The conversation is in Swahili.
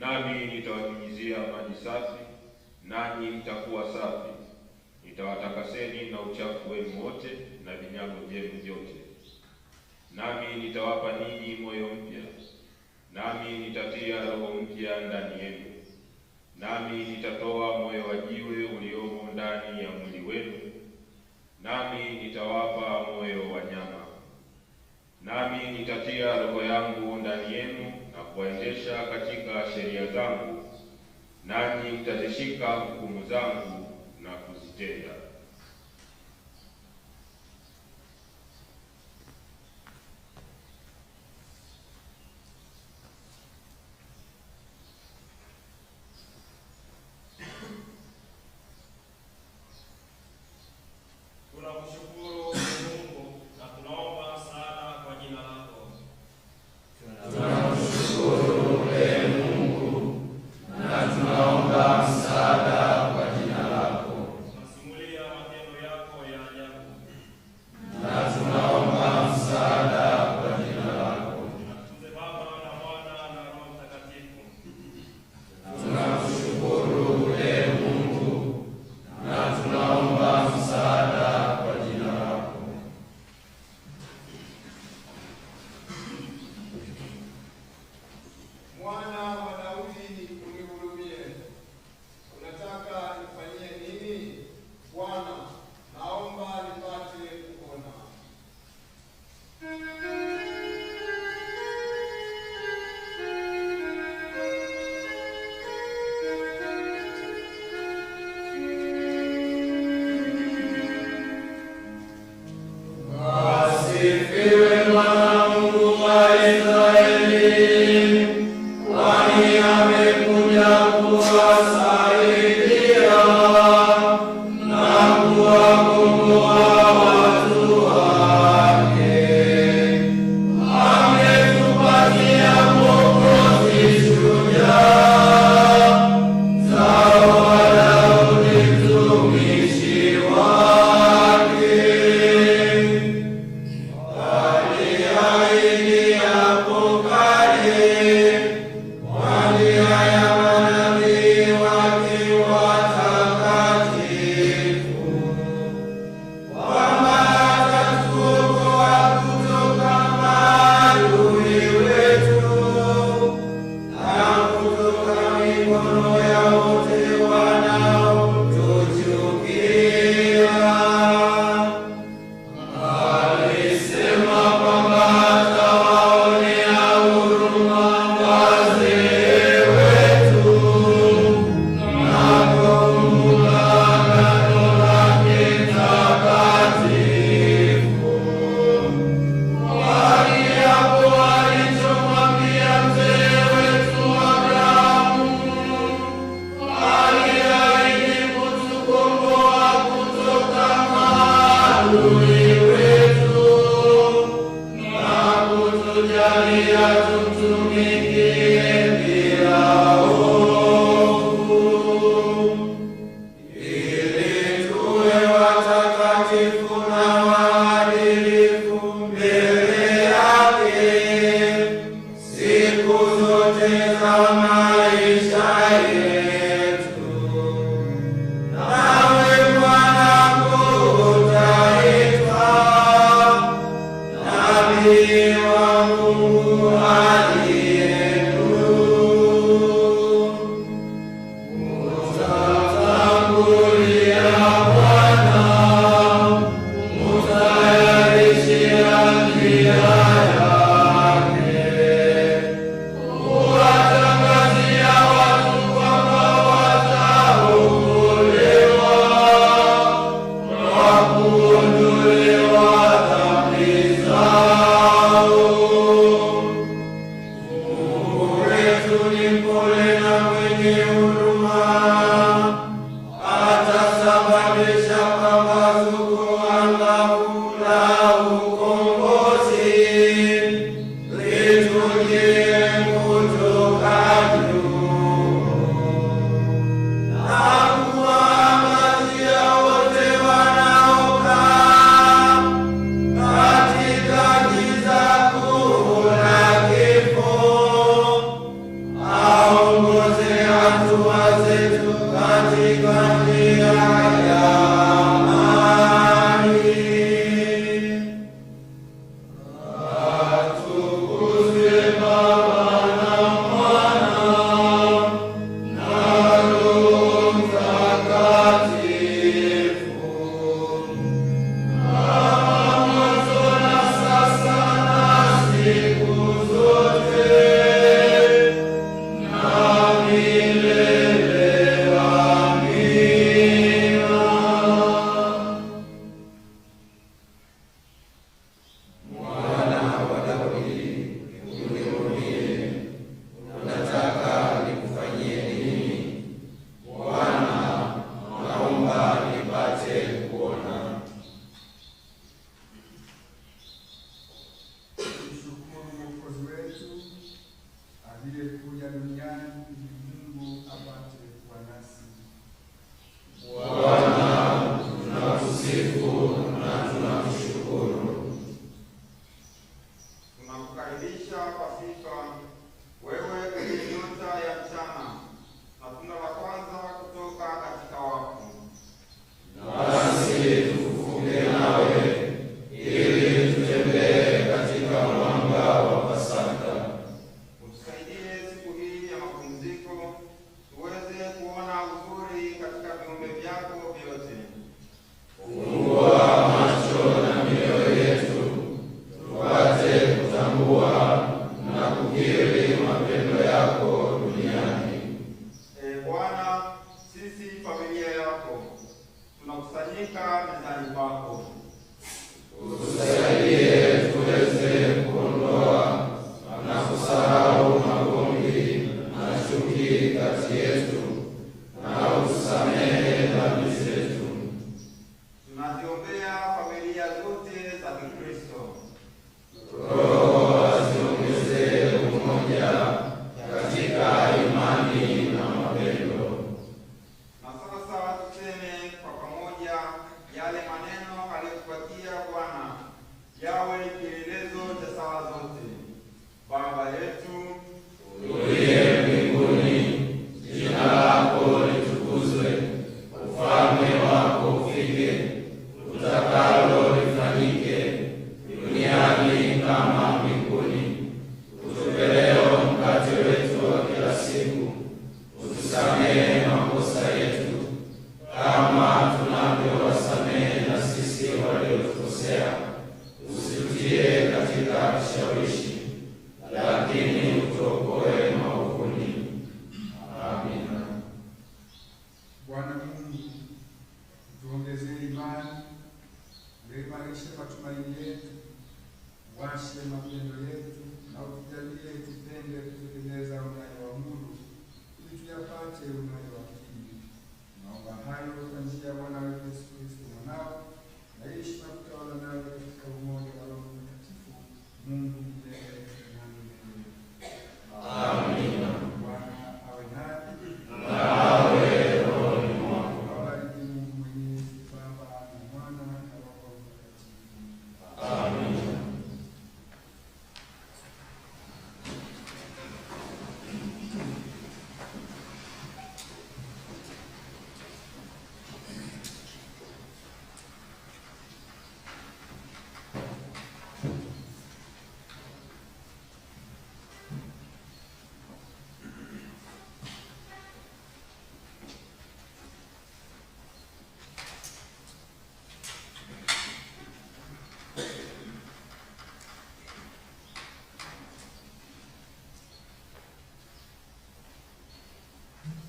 nami nitawanyunyizia maji safi, nanyi mtakuwa safi. Nitawatakaseni na uchafu wenu wote na vinyago vyenu vyote. Nami nitawapa ninyi moyo mpya, nami nitatia roho mpya ndani yenu, nami nitatoa moyo wa jiwe uliomo ndani ya mwili wenu, nami nitawapa moyo wa nyama. Nami nitatia roho yangu ndani yenu na kuwaendesha katika sheria zangu, nanyi mtazishika hukumu zangu na kuzitenda. Hallelujah.